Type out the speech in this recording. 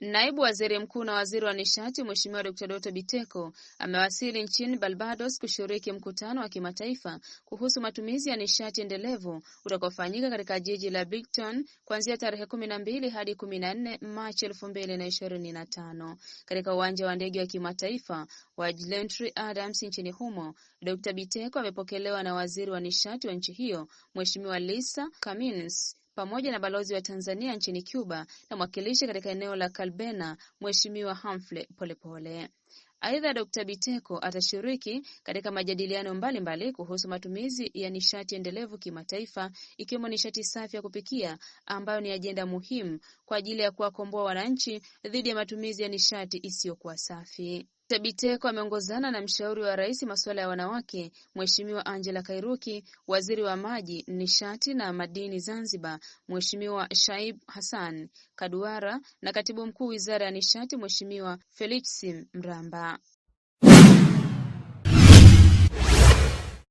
Naibu Waziri Mkuu na Waziri wa Nishati Mheshimiwa Dkt Doto Biteko amewasili nchini Barbados kushiriki mkutano wa kimataifa kuhusu matumizi ya nishati endelevu utakaofanyika katika jiji la Bridgetown kuanzia tarehe kumi na mbili hadi kumi na nne Machi elfu mbili na ishirini na tano katika uwanja wa ndege wa kimataifa wa Glentree Adams nchini humo. Dkt Biteko amepokelewa na Waziri wa Nishati wa nchi hiyo Mheshimiwa Lisa camins pamoja na Balozi wa Tanzania nchini Cuba na mwakilishi katika eneo la Kalbena Mheshimiwa Humphrey Polepole. Aidha, Dkt. Biteko atashiriki katika majadiliano mbalimbali mbali kuhusu matumizi ya nishati endelevu kimataifa ikiwemo nishati safi ya kupikia ambayo ni ajenda muhimu kwa ajili ya kuwakomboa wananchi dhidi ya matumizi ya nishati isiyokuwa safi. Dkt Biteko ameongozana na mshauri wa Rais masuala ya wanawake Mheshimiwa Angela Kairuki, Waziri wa Maji, Nishati na Madini Zanzibar Mheshimiwa Shaib Hassan Kaduara na Katibu Mkuu Wizara ya Nishati Mheshimiwa Felix Mramba.